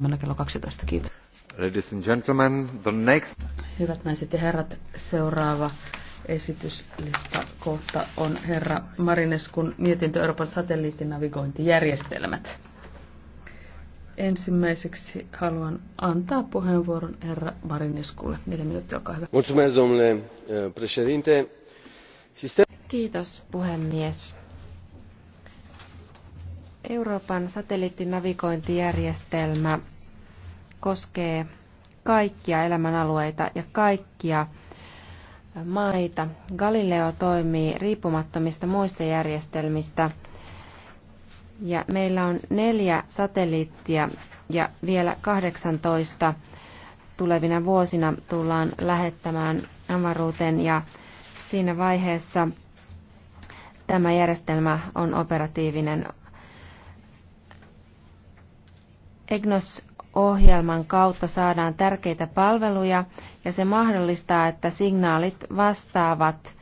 huomenna kello 12. Kiitos. Ladies and gentlemen, the next... Hyvät naiset ja herrat, seuraava esityslista kohta on herra Marineskun mietintö Euroopan satelliittinavigointijärjestelmät. Ensimmäiseksi haluan antaa puheenvuoron herra Marineskulle. Neljä minuuttia, olkaa hyvä. Eh, Kiitos puhemies Euroopan satelliittinavigointijärjestelmä koskee kaikkia elämänalueita ja kaikkia maita. Galileo toimii riippumattomista muista järjestelmistä ja meillä on neljä satelliittia ja vielä 18 tulevina vuosina tullaan lähettämään avaruuteen ja siinä vaiheessa tämä järjestelmä on operatiivinen EGNOS-ohjelman kautta saadaan tärkeitä palveluja ja se mahdollistaa, että signaalit vastaavat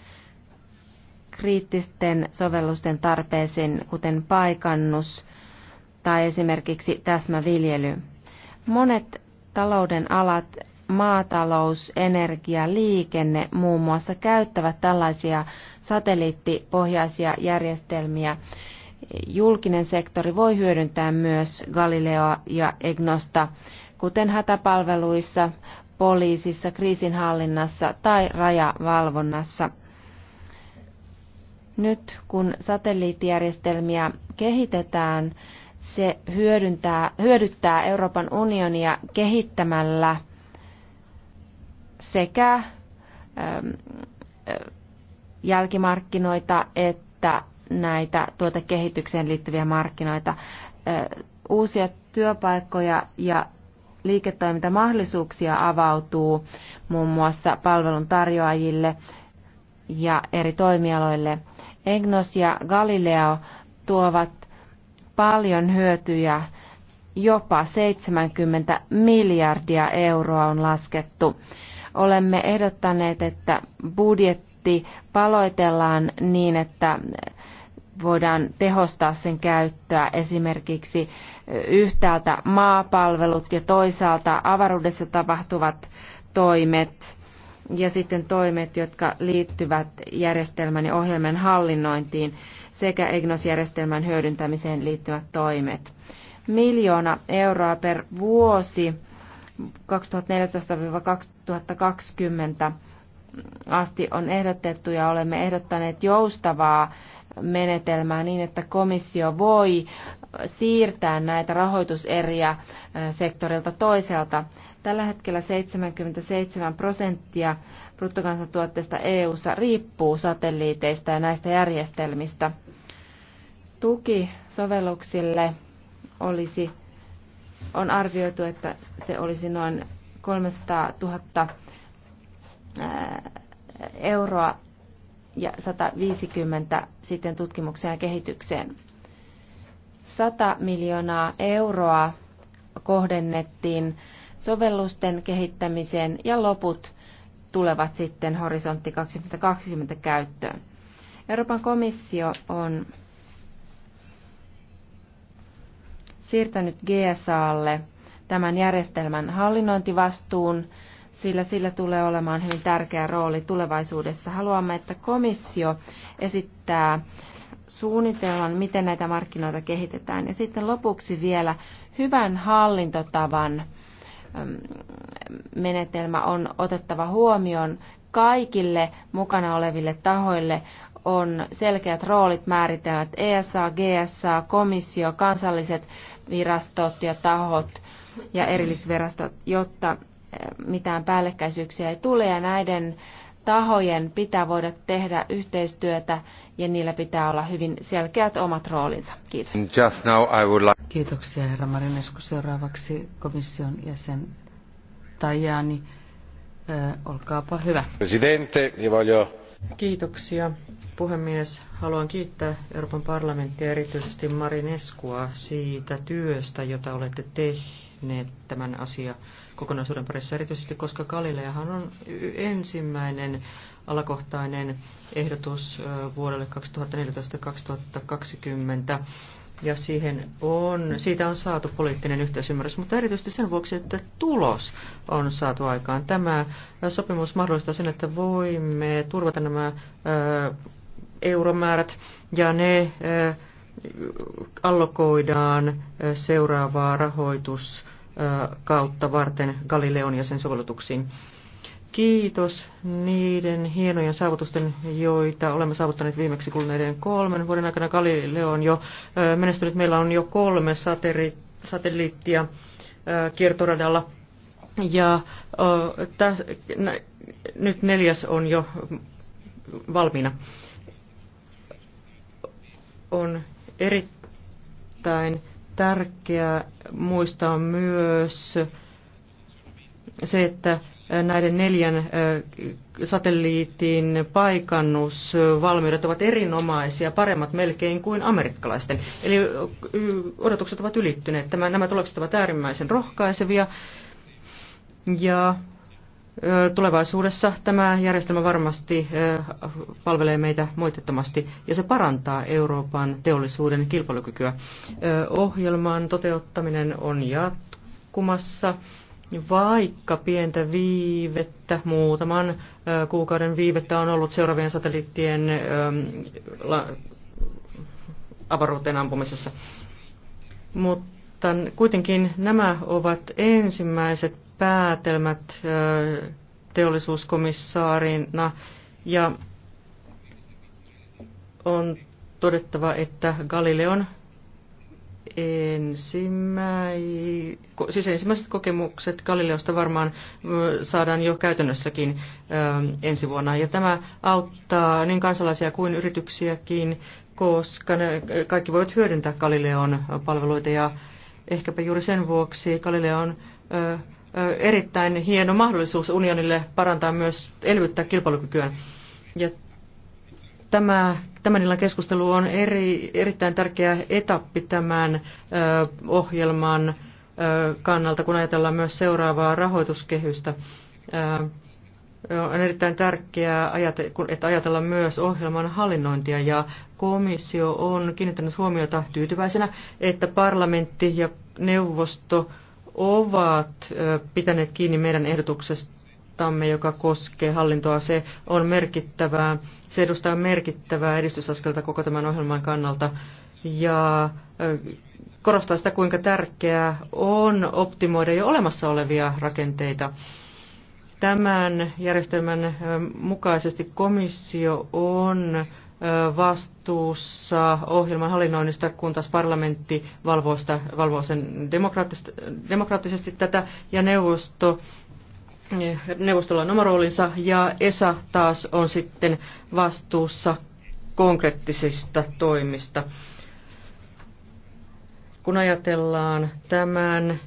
kriittisten sovellusten tarpeisiin, kuten paikannus tai esimerkiksi täsmäviljely. Monet talouden alat, maatalous, energia, liikenne muun muassa käyttävät tällaisia satelliittipohjaisia järjestelmiä julkinen sektori voi hyödyntää myös Galileoa ja Egnosta, kuten hätäpalveluissa, poliisissa, kriisinhallinnassa tai rajavalvonnassa. Nyt kun satelliittijärjestelmiä kehitetään, se hyödyntää, hyödyttää Euroopan unionia kehittämällä sekä jälkimarkkinoita että näitä tuotekehitykseen liittyviä markkinoita. Uusia työpaikkoja ja liiketoimintamahdollisuuksia avautuu muun muassa palvelun tarjoajille ja eri toimialoille. Egnos ja Galileo tuovat paljon hyötyjä, jopa 70 miljardia euroa on laskettu. Olemme ehdottaneet, että budjetti kontti paloitellaan niin, että voidaan tehostaa sen käyttöä esimerkiksi yhtäältä maapalvelut ja toisaalta avaruudessa tapahtuvat toimet ja sitten toimet, jotka liittyvät järjestelmän ja ohjelman hallinnointiin sekä EGNOS-järjestelmän hyödyntämiseen liittyvät toimet. Miljoona euroa per vuosi 2014-2020 asti on ehdotettu ja olemme ehdottaneet joustavaa menetelmää niin, että komissio voi siirtää näitä rahoituseriä sektorilta toiselta. Tällä hetkellä 77 prosenttia bruttokansantuotteesta EU-ssa riippuu satelliiteista ja näistä järjestelmistä. Tuki sovelluksille olisi, on arvioitu, että se olisi noin 300 000 Äh, euroa ja 150 sitten tutkimukseen ja kehitykseen. 100 miljoonaa euroa kohdennettiin sovellusten kehittämiseen ja loput tulevat sitten horisontti 2020 käyttöön. Euroopan komissio on siirtänyt GSAlle tämän järjestelmän hallinnointivastuun sillä sillä tulee olemaan hyvin tärkeä rooli tulevaisuudessa. Haluamme, että komissio esittää suunnitelman, miten näitä markkinoita kehitetään. Ja sitten lopuksi vielä hyvän hallintotavan menetelmä on otettava huomioon. Kaikille mukana oleville tahoille on selkeät roolit määritelmät ESA, GSA, komissio, kansalliset virastot ja tahot ja erillisvirastot, jotta mitään päällekkäisyyksiä ei tule ja näiden tahojen pitää voida tehdä yhteistyötä ja niillä pitää olla hyvin selkeät omat roolinsa. Kiitos. Just now I would like... Kiitoksia herra Marinesku. Seuraavaksi komission jäsen Tajani. Äh, olkaapa hyvä. Presidente, voglio... Kiitoksia puhemies. Haluan kiittää Euroopan parlamenttia erityisesti Marineskua siitä työstä, jota olette tehneet tämän asian kokonaisuuden parissa, erityisesti koska Galileahan on ensimmäinen alakohtainen ehdotus vuodelle 2014-2020 ja siihen on, siitä on saatu poliittinen yhteisymmärrys, mutta erityisesti sen vuoksi, että tulos on saatu aikaan. Tämä sopimus mahdollistaa sen, että voimme turvata nämä ö, euromäärät ja ne allokoidaan seuraavaa rahoitus kautta varten Galileon ja sen sovellutuksiin. Kiitos niiden hienojen saavutusten, joita olemme saavuttaneet viimeksi kuluneiden kolmen vuoden aikana. Galileo on jo menestynyt. Meillä on jo kolme sateri- satelliittia kiertoradalla. Ja täs, nyt neljäs on jo valmiina. On erittäin Tärkeää muistaa myös se, että näiden neljän satelliitin paikannusvalmiudet ovat erinomaisia, paremmat melkein kuin amerikkalaisten. Eli odotukset ovat ylittyneet. Tämä, nämä tulokset ovat äärimmäisen rohkaisevia. Ja Tulevaisuudessa tämä järjestelmä varmasti palvelee meitä moitettomasti ja se parantaa Euroopan teollisuuden kilpailukykyä. Ohjelman toteuttaminen on jatkumassa, vaikka pientä viivettä, muutaman kuukauden viivettä on ollut seuraavien satelliittien avaruuteen ampumisessa. Mutta kuitenkin nämä ovat ensimmäiset päätelmät teollisuuskomissaarina ja on todettava, että Galileon ensimmäi, siis ensimmäiset kokemukset Galileosta varmaan saadaan jo käytännössäkin ensi vuonna. Ja tämä auttaa niin kansalaisia kuin yrityksiäkin, koska ne kaikki voivat hyödyntää Galileon palveluita ja ehkäpä juuri sen vuoksi Galileon erittäin hieno mahdollisuus unionille parantaa myös elvyttää kilpailukykyään. Ja tämä, tämän illan keskustelu on eri, erittäin tärkeä etappi tämän ö, ohjelman ö, kannalta, kun ajatellaan myös seuraavaa rahoituskehystä. Ö, on erittäin tärkeää, että ajatella myös ohjelman hallinnointia ja komissio on kiinnittänyt huomiota tyytyväisenä, että parlamentti ja neuvosto ovat pitäneet kiinni meidän ehdotuksestamme, joka koskee hallintoa. Se on merkittävää, se edustaa merkittävää edistysaskelta koko tämän ohjelman kannalta ja korostaa sitä, kuinka tärkeää on optimoida jo olemassa olevia rakenteita. Tämän järjestelmän mukaisesti komissio on vastuussa ohjelman hallinnoinnista, kun taas parlamentti valvoo, sitä, valvoo sen demokraattisesti tätä, ja neuvosto, eh, neuvostolla on oma roolinsa, ja ESA taas on sitten vastuussa konkreettisista toimista. Kun ajatellaan tämän,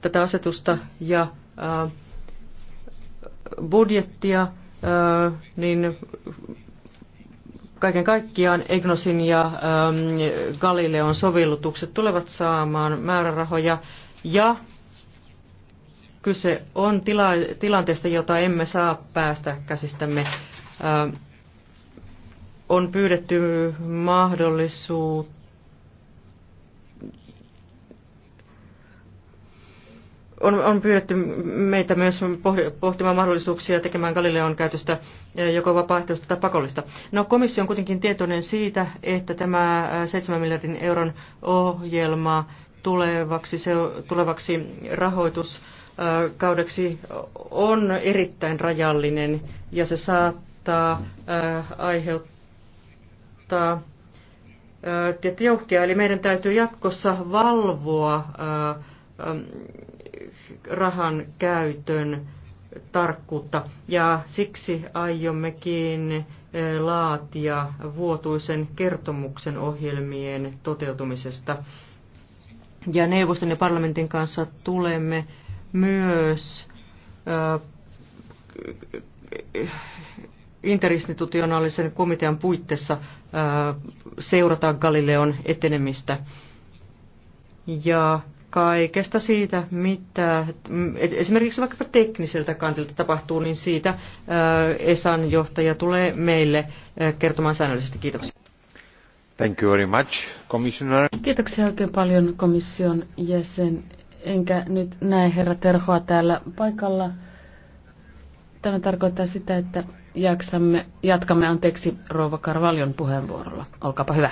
tätä asetusta ja ää, budjettia, ää, niin Kaiken kaikkiaan Egnosin ja ähm, Galileon sovellutukset tulevat saamaan määrärahoja ja kyse on tila- tilanteesta, jota emme saa päästä käsistämme. Ähm, on pyydetty mahdollisuutta on, on pyydetty meitä myös pohtimaan mahdollisuuksia tekemään Galileon käytöstä eh, joko vapaaehtoista tai pakollista. No komissio on kuitenkin tietoinen siitä, että tämä 7 eh, miljardin euron ohjelma tulevaksi, se, tulevaksi rahoituskaudeksi eh, on erittäin rajallinen ja se saattaa aiheuttaa tiettyjä uhkia. Eli meidän täytyy jatkossa valvoa rahan käytön tarkkuutta ja siksi aiommekin eh, laatia vuotuisen kertomuksen ohjelmien toteutumisesta. Ja neuvoston ja parlamentin kanssa tulemme myös eh, interinstitutionaalisen komitean puitteissa eh, seurata Galileon etenemistä. Ja kaikesta siitä, mitä esimerkiksi vaikkapa tekniseltä kantilta tapahtuu, niin siitä äh, ESAN johtaja tulee meille äh, kertomaan säännöllisesti. Kiitoksia. Thank you very much, commissioner. Kiitoksia oikein paljon komission jäsen. Enkä nyt näe herra Terhoa täällä paikalla. Tämä tarkoittaa sitä, että jaksamme, jatkamme anteeksi Rouva Karvaljon puheenvuorolla. Olkaapa hyvä.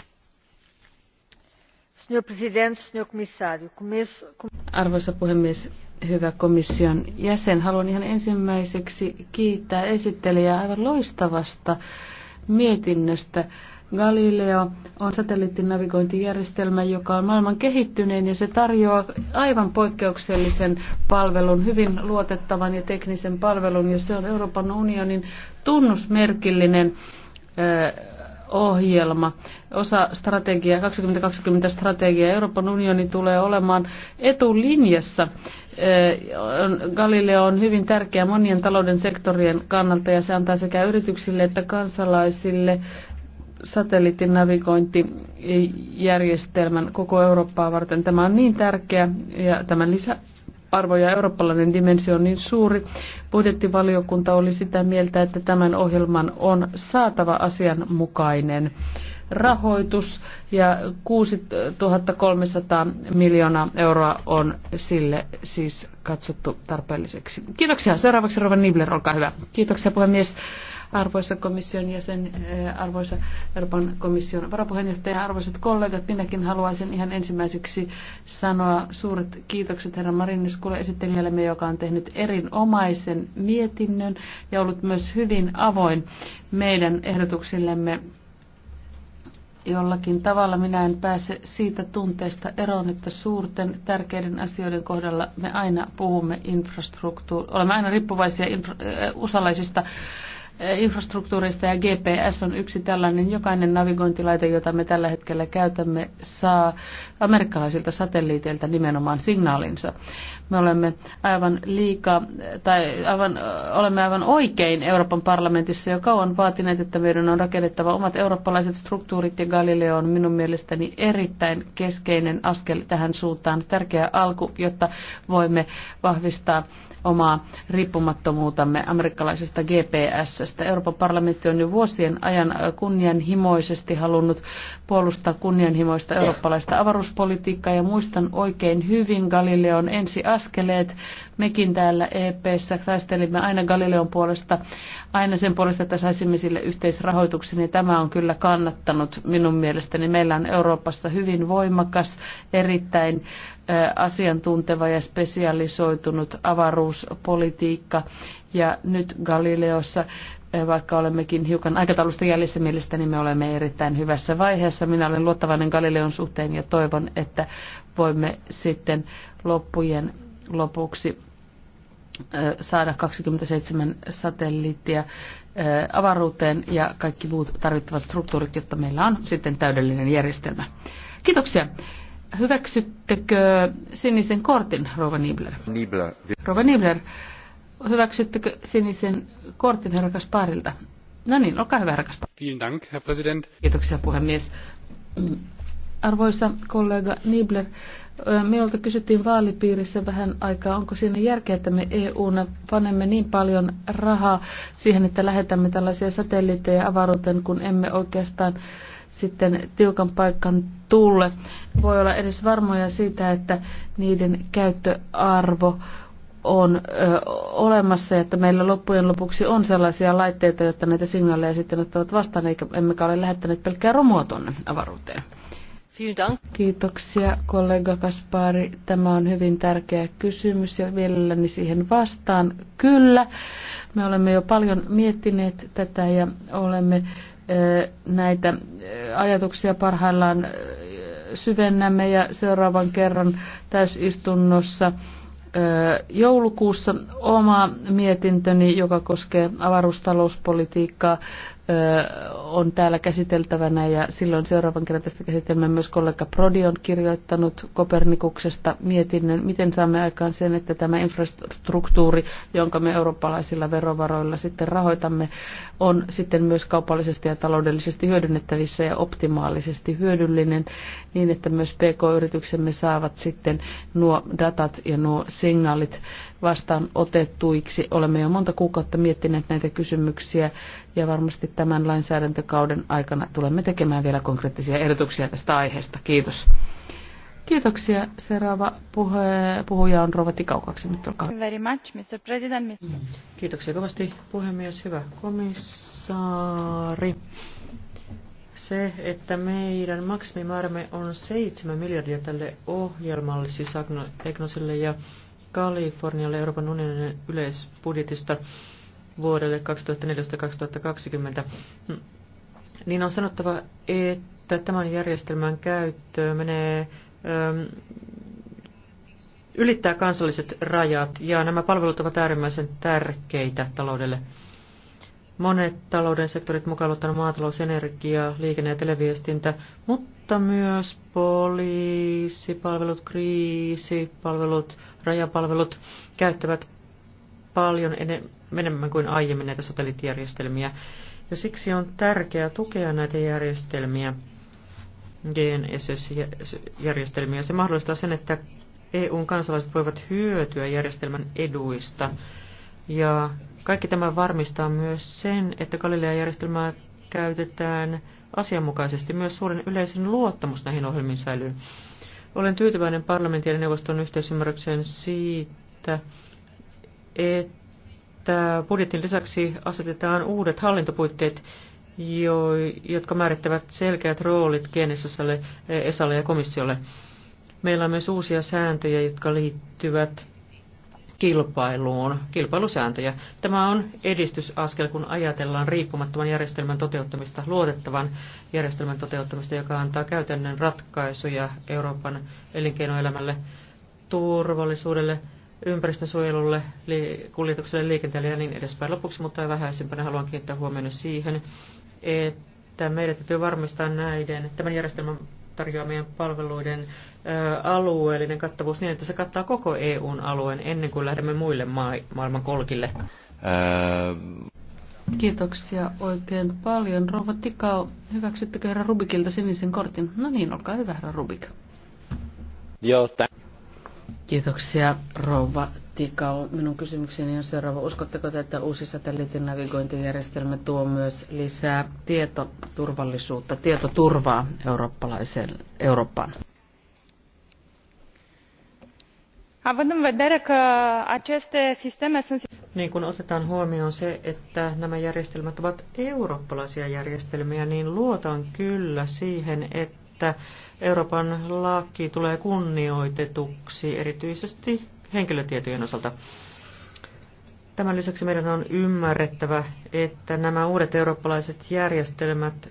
Arvoisa puhemies, hyvä komission jäsen, haluan ihan ensimmäiseksi kiittää esittelijää aivan loistavasta mietinnöstä. Galileo on satelliittinavigointijärjestelmä, joka on maailman kehittynein ja se tarjoaa aivan poikkeuksellisen palvelun, hyvin luotettavan ja teknisen palvelun ja se on Euroopan unionin tunnusmerkillinen ö, ohjelma, osa strategiaa, 2020 strategia Euroopan unioni tulee olemaan etulinjassa. Galileo on hyvin tärkeä monien talouden sektorien kannalta ja se antaa sekä yrityksille että kansalaisille satelliitin navigointijärjestelmän koko Eurooppaa varten. Tämä on niin tärkeä ja tämän lisä arvo ja eurooppalainen dimensio on niin suuri. Budjettivaliokunta oli sitä mieltä, että tämän ohjelman on saatava asianmukainen rahoitus ja 6300 miljoonaa euroa on sille siis katsottu tarpeelliseksi. Kiitoksia. Seuraavaksi Rova Nibler, olkaa hyvä. Kiitoksia puhemies arvoisa komission jäsen, eh, arvoisa Euroopan komission varapuheenjohtaja, arvoisat kollegat, minäkin haluaisin ihan ensimmäiseksi sanoa suuret kiitokset herra Mariniskulle esittelijällemme, joka on tehnyt erinomaisen mietinnön ja ollut myös hyvin avoin meidän ehdotuksillemme jollakin tavalla minä en pääse siitä tunteesta eroon, että suurten tärkeiden asioiden kohdalla me aina puhumme infrastruktuur, olemme aina riippuvaisia infra, äh, usalaisista Eh, infrastruktuurista ja GPS on yksi tällainen. Jokainen navigointilaite, jota me tällä hetkellä käytämme, saa amerikkalaisilta satelliiteilta nimenomaan signaalinsa. Me olemme aivan liika tai aivan, olemme aivan oikein Euroopan parlamentissa jo kauan vaatineet, että meidän on rakennettava omat eurooppalaiset struktuurit ja Galileo on minun mielestäni erittäin keskeinen askel tähän suuntaan. Tärkeä alku, jotta voimme vahvistaa omaa riippumattomuutamme amerikkalaisesta GPSstä. Euroopan parlamentti on jo vuosien ajan kunnianhimoisesti halunnut puolustaa kunnianhimoista eurooppalaista avaruuspolitiikkaa ja muistan oikein hyvin Galileon ensiaskeleet. Mekin täällä EPssä taistelimme aina Galileon puolesta, aina sen puolesta, että saisimme sille yhteisrahoituksen ja tämä on kyllä kannattanut minun mielestäni. Meillä on Euroopassa hyvin voimakas, erittäin asiantunteva ja spesialisoitunut avaruuspolitiikka. Ja nyt Galileossa, vaikka olemmekin hiukan aikataulusta jäljessä mielestäni, niin me olemme erittäin hyvässä vaiheessa. Minä olen luottavainen Galileon suhteen ja toivon, että voimme sitten loppujen lopuksi saada 27 satelliittia avaruuteen ja kaikki muut tarvittavat struktuurit, jotta meillä on sitten täydellinen järjestelmä. Kiitoksia. Hyväksyttekö sinisen kortin, Rova Nibler? Nibler. Rova Nibler, hyväksyttekö sinisen kortin herra Kasparilta? No niin, olkaa hyvä, herra Kaspar. Vielen Dank, herr President. Kiitoksia, puhemies. Arvoisa kollega Nibler, minulta kysyttiin vaalipiirissä vähän aikaa, onko siinä järkeä, että me EUna panemme niin paljon rahaa siihen, että lähetämme tällaisia satelliitteja avaruuteen, kun emme oikeastaan sitten tiukan paikan tulle voi olla edes varmoja siitä, että niiden käyttöarvo on ö, olemassa ja että meillä loppujen lopuksi on sellaisia laitteita, jotta näitä signaaleja sitten ottavat vastaan, eikä emmekä ole lähettäneet pelkkää romua tuonne avaruuteen. Kiitoksia kollega Kaspari. Tämä on hyvin tärkeä kysymys ja mielelläni siihen vastaan. Kyllä, me olemme jo paljon miettineet tätä ja olemme näitä ajatuksia parhaillaan syvennämme ja seuraavan kerran täysistunnossa joulukuussa oma mietintöni, joka koskee avaruustalouspolitiikkaa, on täällä käsiteltävänä ja silloin seuraavan kerran tästä käsitelmään myös kollega Prodi on kirjoittanut Kopernikuksesta mietinnön, miten saamme aikaan sen, että tämä infrastruktuuri, jonka me eurooppalaisilla verovaroilla sitten rahoitamme, on sitten myös kaupallisesti ja taloudellisesti hyödynnettävissä ja optimaalisesti hyödyllinen niin, että myös PK-yrityksemme saavat sitten nuo datat ja nuo signaalit vastaan otettuiksi. Olemme jo monta kuukautta miettineet näitä kysymyksiä ja varmasti tämän lainsäädäntökauden aikana tulemme tekemään vielä konkreettisia ehdotuksia tästä aiheesta. Kiitos. Kiitoksia. Seuraava puhe, puhuja on Rovati Tikau, Very much, Kiitoksia kovasti puhemies. Hyvä komissaari. Se, että meidän maksimimäärämme on 7 miljardia tälle ohjelmalle, siis Agnosille ja Kalifornialle Euroopan unionin yleisbudjetista vuodelle 2014-2020, niin on sanottava, että tämän järjestelmän käyttö menee, ähm, ylittää kansalliset rajat ja nämä palvelut ovat äärimmäisen tärkeitä taloudelle. Monet talouden sektorit mukaan ottanut maatalous, energia, liikenne ja televiestintä, mutta mutta myös poliisipalvelut, kriisipalvelut, rajapalvelut käyttävät paljon enemmän kuin aiemmin näitä satelliittijärjestelmiä. Ja siksi on tärkeää tukea näitä järjestelmiä, GNSS-järjestelmiä. Se mahdollistaa sen, että EUn kansalaiset voivat hyötyä järjestelmän eduista. Ja kaikki tämä varmistaa myös sen, että Galilea-järjestelmää käytetään asianmukaisesti. Myös suuren yleisön luottamus näihin ohjelmiin säilyy. Olen tyytyväinen parlamentin ja neuvoston yhteisymmärrykseen siitä, että budjetin lisäksi asetetaan uudet hallintopuitteet, jo, jotka määrittävät selkeät roolit GNSSlle, ESAlle ja komissiolle. Meillä on myös uusia sääntöjä, jotka liittyvät kilpailuun, kilpailusääntöjä. Tämä on edistysaskel, kun ajatellaan riippumattoman järjestelmän toteuttamista, luotettavan järjestelmän toteuttamista, joka antaa käytännön ratkaisuja Euroopan elinkeinoelämälle, turvallisuudelle, ympäristösuojelulle, kuljetukselle, liikenteelle ja niin edespäin. Lopuksi, mutta ei vähäisimpänä, haluan kiinnittää huomioon siihen, että meidän täytyy varmistaa näiden, tämän järjestelmän tarjoamien palveluiden alueellinen kattavuus niin, että se kattaa koko EUn alueen ennen kuin lähdemme muille ma- maailman kolkille? Ää... Kiitoksia oikein paljon. Rouva Tikao, hyväksyttekö herra Rubikilta sinisen kortin? No niin, olkaa hyvä herra Rubik. Joo, Kiitoksia rouva Tiikka, Minun kysymykseni on seuraava. Uskotteko te, että uusi satelliitin navigointijärjestelmä tuo myös lisää tietoturvallisuutta, tietoturvaa eurooppalaiseen Eurooppaan? Niin kun otetaan huomioon se, että nämä järjestelmät ovat eurooppalaisia järjestelmiä, niin luotan kyllä siihen, että että Euroopan laki tulee kunnioitetuksi erityisesti henkilötietojen osalta. Tämän lisäksi meidän on ymmärrettävä, että nämä uudet eurooppalaiset järjestelmät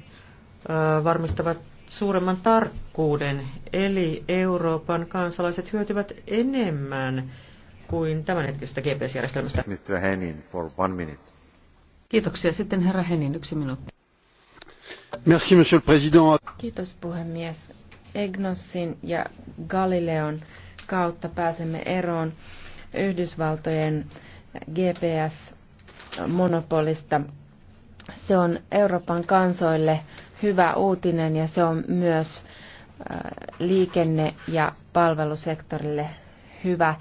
varmistavat suuremman tarkkuuden, eli Euroopan kansalaiset hyötyvät enemmän kuin tämänhetkisestä GPS-järjestelmästä. Mr. Henin, for one minute. Kiitoksia. Sitten herra Henin, yksi minuutti. Merci, monsieur le président. Kiitos puhemies. EGNOSin ja Galileon kautta pääsemme eroon Yhdysvaltojen GPS-monopolista. Se on Euroopan kansoille hyvä uutinen ja se on myös liikenne- ja palvelusektorille hyvä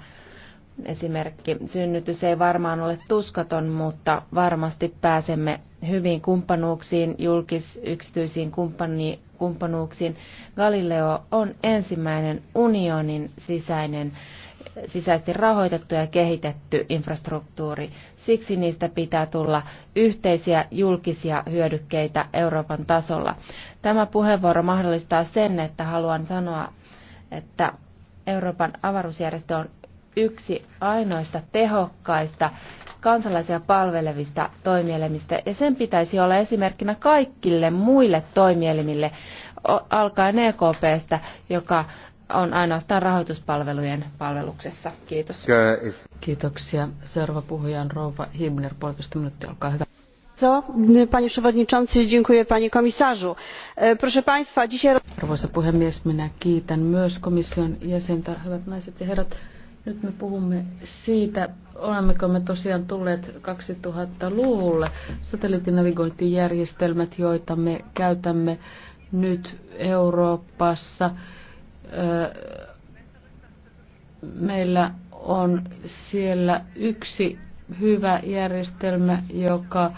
esimerkki. Synnytys ei varmaan ole tuskaton, mutta varmasti pääsemme hyviin kumppanuuksiin, julkis-yksityisiin kumppani- kumppanuuksiin. Galileo on ensimmäinen unionin sisäinen sisäisesti rahoitettu ja kehitetty infrastruktuuri. Siksi niistä pitää tulla yhteisiä julkisia hyödykkeitä Euroopan tasolla. Tämä puheenvuoro mahdollistaa sen, että haluan sanoa, että Euroopan avaruusjärjestö on yksi ainoista tehokkaista kansalaisia palvelevista toimielimistä, ja sen pitäisi olla esimerkkinä kaikille muille toimielimille, alkaen EKPstä, joka on ainoastaan rahoituspalvelujen palveluksessa. Kiitos. Kiitoksia. Seuraava puhuja on Rouva Himner, puolitoista minuuttia, olkaa hyvä panie przewodniczący! dziękuję panie komisarzu. E, proszę państwa dzisiaj. arvoisa puhemies minä kiitän myös komission jäsentä hyvät naiset ja herrat. Nyt me puhumme siitä, olemmeko me tosiaan tulleet 2000-luvulle. Satelliittinavigointijärjestelmät, joita me käytämme nyt Euroopassa, meillä on siellä yksi hyvä järjestelmä, joka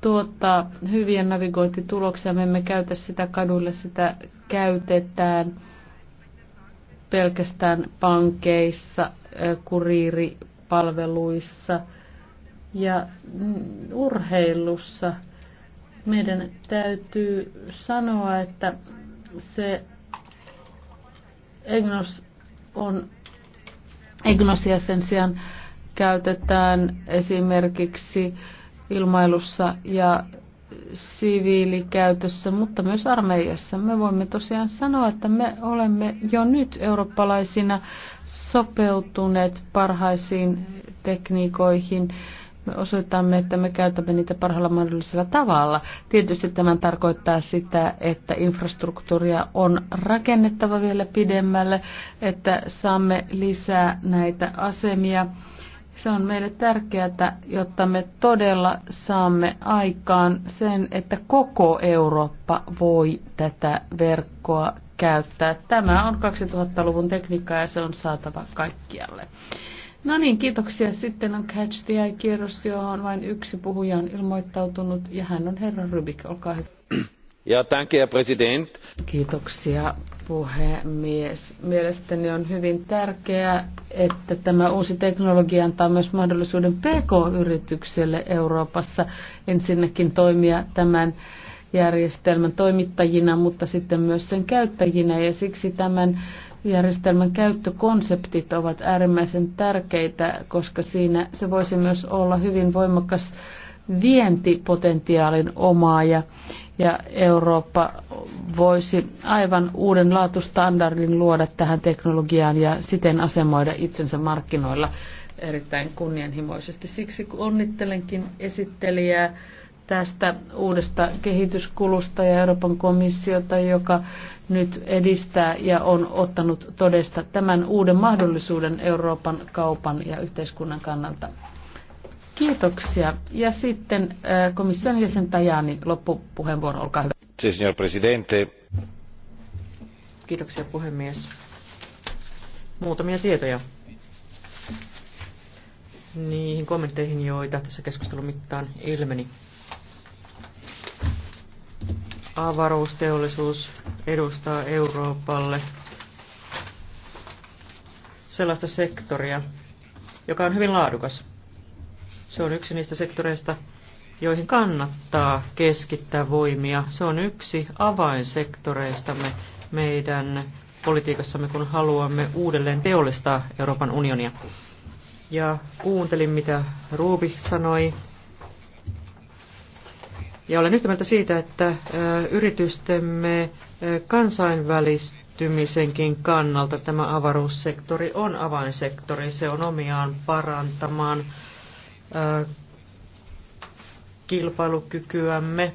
tuottaa hyviä navigointituloksia. Me emme käytä sitä kaduille, sitä käytetään pelkästään pankeissa, kuriiripalveluissa ja mm, urheilussa. Meidän täytyy sanoa, että se Egnos on, Egnosia sen sijaan käytetään esimerkiksi ilmailussa ja siviilikäytössä, mutta myös armeijassa. Me voimme tosiaan sanoa, että me olemme jo nyt eurooppalaisina sopeutuneet parhaisiin tekniikoihin. Me osoitamme, että me käytämme niitä parhaalla mahdollisella tavalla. Tietysti tämän tarkoittaa sitä, että infrastruktuuria on rakennettava vielä pidemmälle, että saamme lisää näitä asemia se on meille tärkeää, jotta me todella saamme aikaan sen, että koko Eurooppa voi tätä verkkoa käyttää. Tämä on 2000-luvun tekniikka ja se on saatava kaikkialle. No niin, kiitoksia. Sitten on Catch the Eye-kierros, johon vain yksi puhuja on ilmoittautunut ja hän on herra Rubik Olkaa hyvä. Ja, danke, President. Kiitoksia puhemies. Mielestäni on hyvin tärkeää, että tämä uusi teknologia antaa myös mahdollisuuden PK-yritykselle Euroopassa ensinnäkin toimia tämän järjestelmän toimittajina, mutta sitten myös sen käyttäjinä. Ja siksi tämän järjestelmän käyttökonseptit ovat äärimmäisen tärkeitä, koska siinä se voisi myös olla hyvin voimakas vientipotentiaalin omaaja ja Eurooppa voisi aivan uuden laatustandardin luoda tähän teknologiaan ja siten asemoida itsensä markkinoilla erittäin kunnianhimoisesti. Siksi onnittelenkin esittelijää tästä uudesta kehityskulusta ja Euroopan komissiota, joka nyt edistää ja on ottanut todesta tämän uuden mahdollisuuden Euroopan kaupan ja yhteiskunnan kannalta. Kiitoksia. Ja sitten äh, komission jäsen Tajani, loppupuheenvuoro, olkaa hyvä. Signor Presidente. Kiitoksia puhemies. Muutamia tietoja niihin kommentteihin, joita tässä keskustelun mittaan ilmeni. Avaruusteollisuus edustaa Euroopalle sellaista sektoria, joka on hyvin laadukas se on yksi niistä sektoreista, joihin kannattaa keskittää voimia. Se on yksi avainsektoreistamme meidän politiikassamme, kun haluamme uudelleen teollistaa Euroopan unionia. Ja kuuntelin, mitä Ruubi sanoi. Ja olen yhtä mieltä siitä, että yritystemme kansainvälistymisenkin kannalta tämä avaruussektori on avainsektori. Se on omiaan parantamaan kilpailukykyämme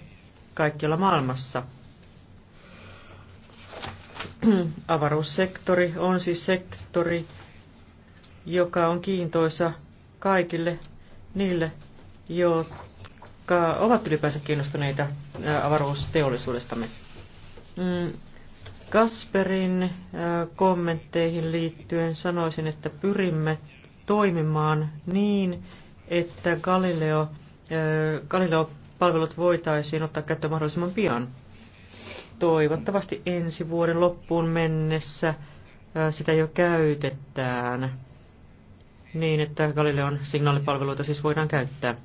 kaikkialla maailmassa. Avaruussektori on siis sektori, joka on kiintoisa kaikille niille, jotka ovat ylipäänsä kiinnostuneita avaruusteollisuudestamme. Mm, Kasperin kommentteihin liittyen sanoisin, että pyrimme toimimaan niin, että Galileo, Galileo-palvelut voitaisiin ottaa käyttöön mahdollisimman pian. Toivottavasti ensi vuoden loppuun mennessä sitä jo käytetään niin, että Galileon signaalipalveluita siis voidaan käyttää.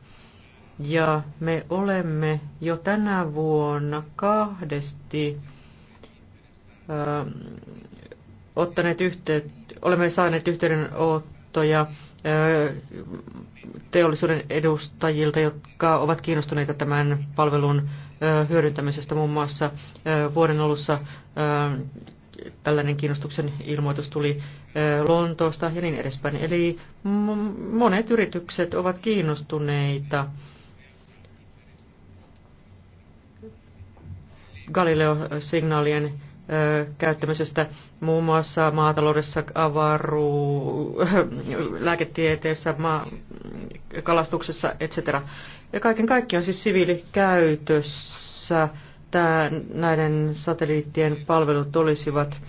Ja me olemme jo tänä vuonna kahdesti ö, ottaneet yhteyttä, olemme saaneet yhteydenottoja teollisuuden edustajilta, jotka ovat kiinnostuneita tämän palvelun hyödyntämisestä. Muun muassa vuoden alussa tällainen kiinnostuksen ilmoitus tuli Lontoosta ja niin edespäin. Eli monet yritykset ovat kiinnostuneita Galileo-signaalien käyttämisestä muun muassa maataloudessa, avaru, lääketieteessä, maa, kalastuksessa, etc. Ja kaiken kaikkiaan siis siviilikäytössä tää, näiden satelliittien palvelut olisivat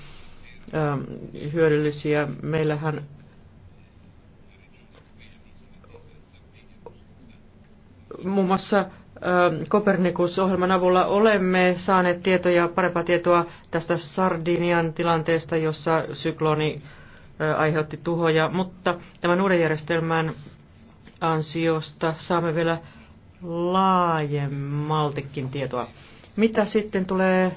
hyödyllisiä. Meillähän muun muassa Kopernikus-ohjelman ähm, avulla olemme saaneet tietoja, parempaa tietoa tästä Sardinian tilanteesta, jossa sykloni äh, aiheutti tuhoja, mutta tämän uuden järjestelmän ansiosta saamme vielä laajemmaltikin tietoa. Mitä sitten tulee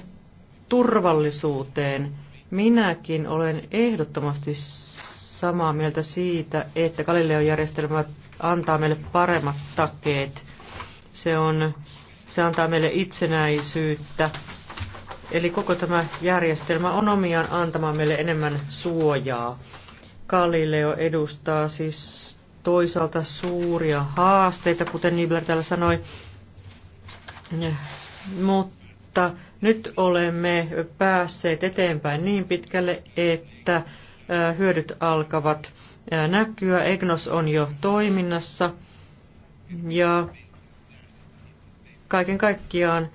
turvallisuuteen? Minäkin olen ehdottomasti samaa mieltä siitä, että Galileo-järjestelmä antaa meille paremmat takeet se, on, se antaa meille itsenäisyyttä. Eli koko tämä järjestelmä on omiaan antamaan meille enemmän suojaa. Galileo edustaa siis toisaalta suuria haasteita, kuten Nibler täällä sanoi, mutta nyt olemme päässeet eteenpäin niin pitkälle, että hyödyt alkavat näkyä. EGNOS on jo toiminnassa ja Kaiken kaikkiaan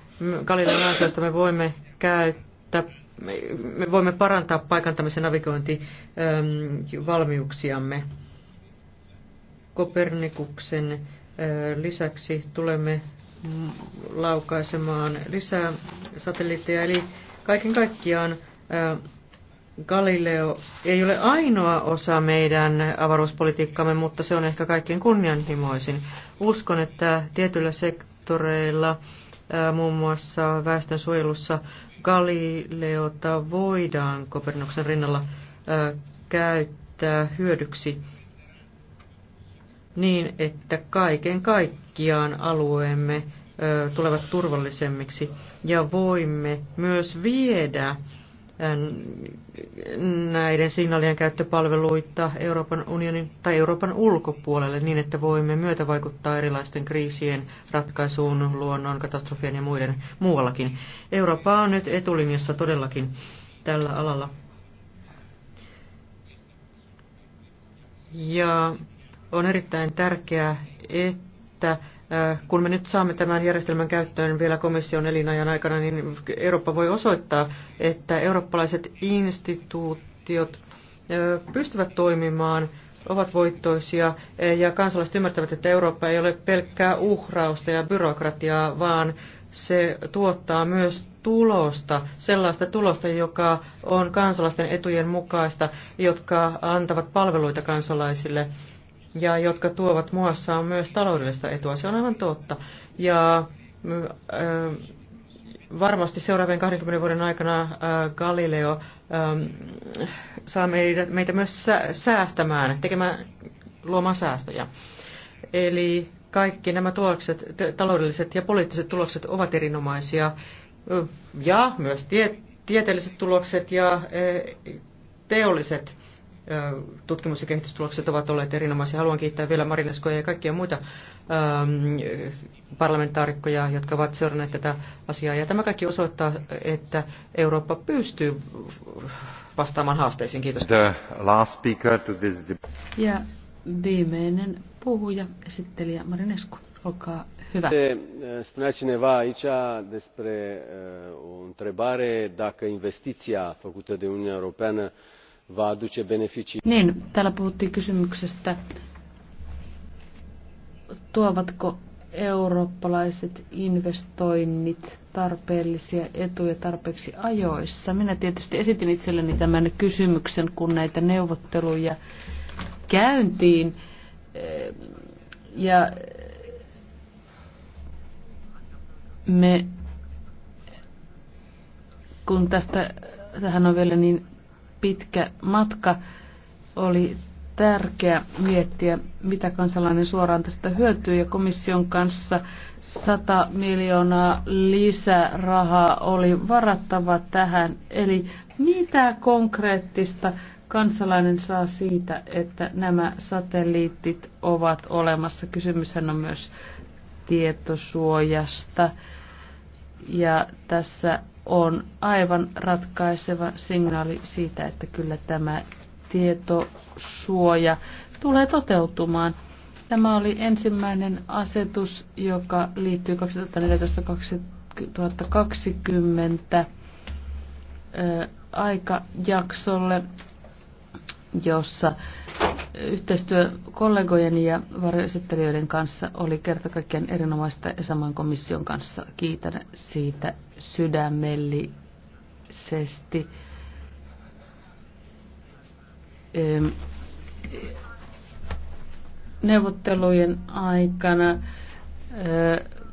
Galilean ansiosta me voimme käyttää me voimme parantaa paikantamisen navigointivalmiuksiamme. Kopernikuksen lisäksi tulemme laukaisemaan lisää satelliitteja. Eli kaiken kaikkiaan Galileo ei ole ainoa osa meidän avaruuspolitiikkamme, mutta se on ehkä kaikkein kunnianhimoisin. Uskon, että tietyllä sek- sektoreilla, muun muassa väestönsuojelussa, Galileota voidaan Kopernoksen rinnalla käyttää hyödyksi niin, että kaiken kaikkiaan alueemme tulevat turvallisemmiksi ja voimme myös viedä näiden signaalien käyttöpalveluita Euroopan unionin tai Euroopan ulkopuolelle niin, että voimme myötävaikuttaa erilaisten kriisien ratkaisuun, luonnon, katastrofien ja muiden muuallakin. Eurooppa on nyt etulinjassa todellakin tällä alalla. Ja on erittäin tärkeää, että Äh, kun me nyt saamme tämän järjestelmän käyttöön vielä komission elinajan aikana, niin Eurooppa voi osoittaa, että eurooppalaiset instituutiot äh, pystyvät toimimaan, ovat voittoisia äh, ja kansalaiset ymmärtävät, että Eurooppa ei ole pelkkää uhrausta ja byrokratiaa, vaan se tuottaa myös tulosta, sellaista tulosta, joka on kansalaisten etujen mukaista, jotka antavat palveluita kansalaisille ja jotka tuovat muassaan myös taloudellista etua. Se on aivan totta. Ja varmasti seuraavien 20 vuoden aikana Galileo saa meitä myös säästämään, tekemään, luomaan säästöjä. Eli kaikki nämä tulokset, taloudelliset ja poliittiset tulokset ovat erinomaisia ja myös tie, tieteelliset tulokset ja teolliset tutkimus- ja kehitystulokset ovat olleet erinomaisia. Haluan kiittää vielä Marineskoja ja kaikkia muita ähm, parlamentaarikkoja, jotka ovat seuranneet tätä asiaa. Ja tämä kaikki osoittaa, että Eurooppa pystyy vastaamaan haasteisiin. Kiitos. The last speaker to this... Ja viimeinen puhuja, esittelijä Marinesku. Olkaa hyvä. Eh, spunea cineva aici despre eh, o întrebare dacă investiția făcută de Uniunea Europeană va aduce beneficii. Niin, täällä puhuttiin kysymyksestä, tuovatko eurooppalaiset investoinnit tarpeellisia etuja tarpeeksi ajoissa? Minä tietysti esitin itselleni tämän kysymyksen, kun näitä neuvotteluja käyntiin. Eh, ja me, kun tästä, tähän on vielä niin pitkä matka. Oli tärkeä miettiä, mitä kansalainen suoraan tästä hyötyy ja komission kanssa 100 miljoonaa lisärahaa oli varattava tähän. Eli mitä konkreettista kansalainen saa siitä, että nämä satelliitit ovat olemassa? Kysymyshän on myös tietosuojasta. Ja tässä on aivan ratkaiseva signaali siitä, että kyllä tämä tietosuoja tulee toteutumaan. Tämä oli ensimmäinen asetus, joka liittyy 2014-2020 aikajaksolle jossa yhteistyö kollegojen ja varjoesittelijöiden kanssa oli kerta kaikkiaan erinomaista ja saman komission kanssa. Kiitän siitä sydämellisesti. Neuvottelujen aikana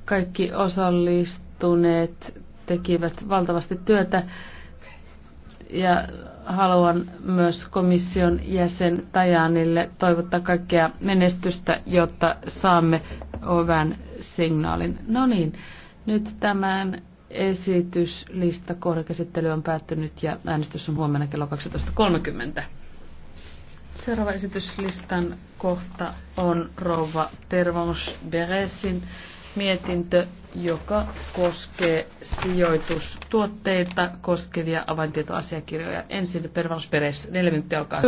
kaikki osallistuneet tekivät valtavasti työtä ja haluan myös komission jäsen Tajanille toivottaa kaikkea menestystä, jotta saamme hyvän signaalin. No niin, nyt tämän esityslista kohdakäsittely on päättynyt ja äänestys on huomenna kello 12.30. Seuraava esityslistan kohta on rouva Tervons Beresin mietintö, joka koskee sijoitustuotteita koskevia avaintietoasiakirjoja. Ensin Pervans Peres, neljä minuuttia alkaa.